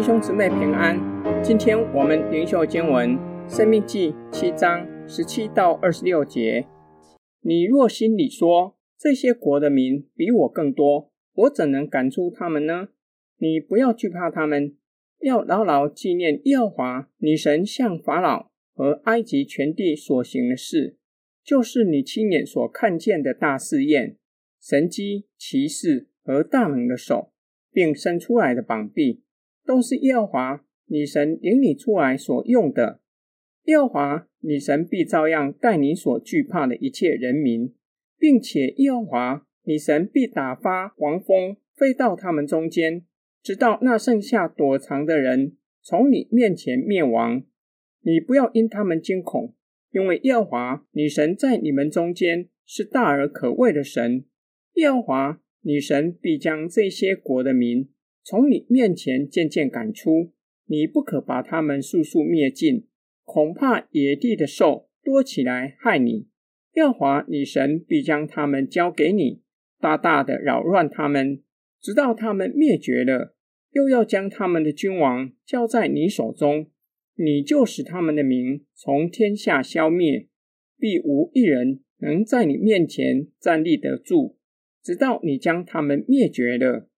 弟兄姊妹平安。今天我們靈修經文《申命記》七章十七到二十六節。你若心裡說，這些國的民比我更多，我怎能趕出他們呢？你不要懼怕他們，要牢牢紀念耶和華你神向法老和埃及全地所行的事，就是你親眼所看見的大試驗、神蹟、奇事和大能的手，並伸出來的膀臂。都是耶和華你神領你出來所用的，耶和華你神必照樣待你所懼怕的一切人民，並且耶和華你神必打發黃蜂飛到他們中間，直到那剩下躲藏的人從你面前滅亡。你不要因他們驚恐，因為耶和華你神在你們中間是大而可畏的神。耶和華你神必將這些國的民。從你面前漸漸趕出，你不可把他們速速滅盡，恐怕野地的獸多起來害你。耶和華—你神必將他們交給你，大大的擾亂他們，直到他們滅絕了，又要將他們的君王交在你手中，你就使他們的名從天下消滅，必無一人能在你面前站立得住，直到你將他們滅絕了。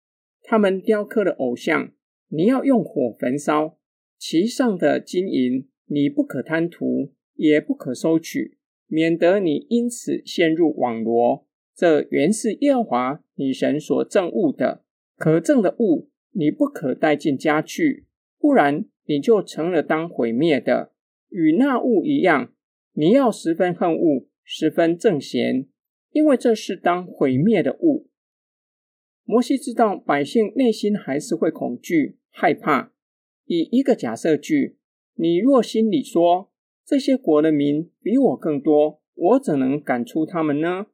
他們雕刻的偶像，你要用火焚燒；其上的金銀，你不可貪圖，也不可收取，免得你因此陷入網羅。這原是耶和華你神所憎惡的，可憎的物，你不可帶進家去，不然你就成了當毀滅的，與那物一樣。你要十分恨惡，十分憎嫌，因為這是當毀滅的物。摩西知道百姓內心還是會恐懼害怕，以一個假設句：“你若心裡說，這些國的民比我更多，我怎能趕出他們呢？”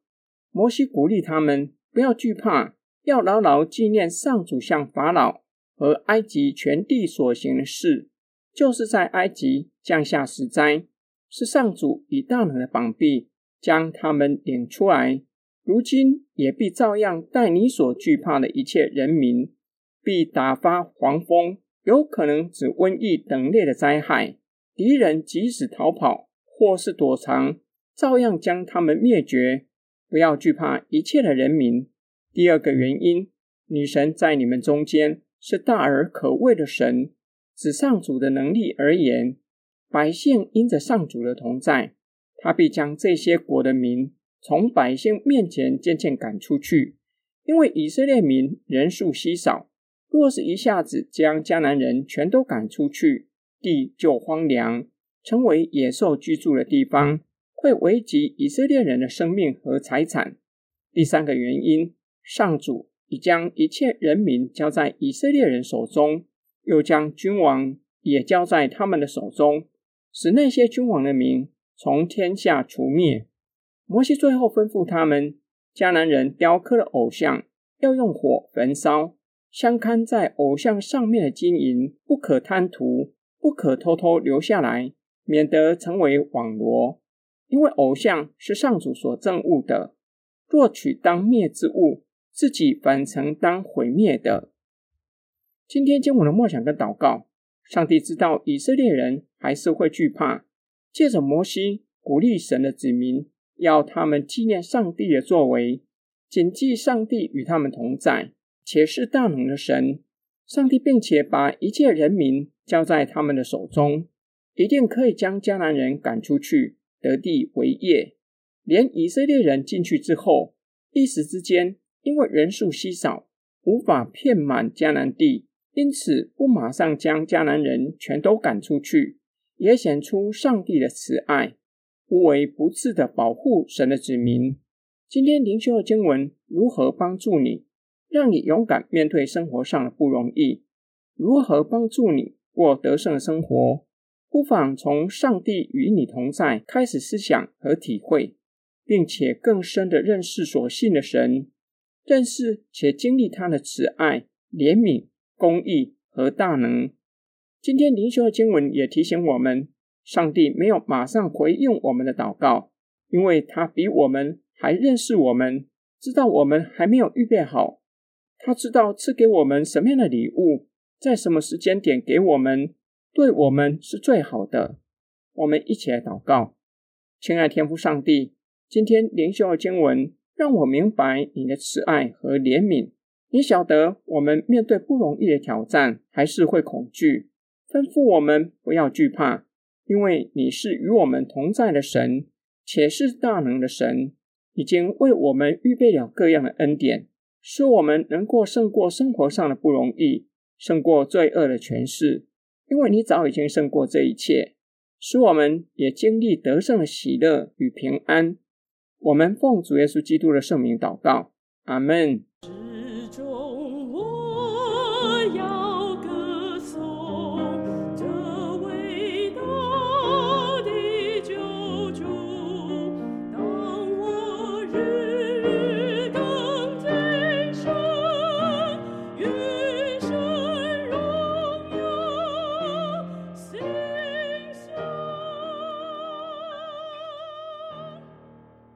摩西鼓勵他們不要懼怕，要牢牢記念上主向法老和埃及全地所行的事，就是在埃及降下十災，是上主以大能的膀臂將他們領出來。如今也必照樣待你所懼怕的一切人民，必打發黃蜂，有可能指瘟疫等類的災害。敵人即使逃跑或是躲藏，照樣將他們滅絕。不要懼怕一切的人民。第二個原因，你神在你們中間是大而可畏的神。指上主的能力而言，百姓因着上主的同在，他必將這些國的民，從百姓面前漸漸趕出去，因為以色列民人數稀少，若是一下子將迦南人全都趕出去，地就荒涼，成為野獸居住的地方，會危及以色列人的生命和財產。第三個原因，上主已將一切人民交在以色列人手中，又將君王也交在他們的手中，使那些君王的名從天下除滅。摩西最後吩咐他們：迦南人雕刻的偶像要用火焚燒，鑲嵌在偶像上面的金銀不可貪圖，不可偷偷留下來，免得成為網羅，因為偶像是上主所憎惡的。若取當滅之物，自己反成當毀滅的。今天經文的默想跟禱告，上帝知道以色列人還是會懼怕，借着摩西鼓勵神的子民。要他們紀念上帝的作為，謹記上帝與他們同在，且是大能的神。上帝並且把一切人民交在他們的手中，一定可以將迦南人趕出去，得地為業。連以色列人進去之後，一時之間因為人數稀少，無法遍滿迦南地，因此不馬上將迦南人全都趕出去，也顯出上帝的慈愛。無微不至的保護神的子民，今天靈修的經文如何幫助你，讓你勇敢面對生活上的不容易？如何幫助你過得勝的生活？不妨從“上帝與你同在”開始思想和體會，並且更深的認識所信的神，認識且經歷他的慈愛、憐憫、公義和大能。今天靈修的經文也提醒我們。上帝沒有馬上回應我們的禱告，因為他比我們還認識我們，知道我們還沒有預備好。他知道賜給我們什麼樣的禮物，在什麼時間點給我們，對我們是最好的。我們一起來禱告，親愛天父上帝，今天靈修的經文讓我明白你的慈愛和憐憫。你曉得我們面對不容易的挑戰，還是會恐懼。吩咐我們不要懼怕。因為你是與我們同在的神，且是大能的神，已經為我們預備了各樣的恩典，使我們能夠勝過生活上的不容易，勝過罪惡的權勢。因為你早已經勝過這一切，使我們也經歷得勝的喜樂與平安。我們奉主耶穌基督的聖名禱告，阿門。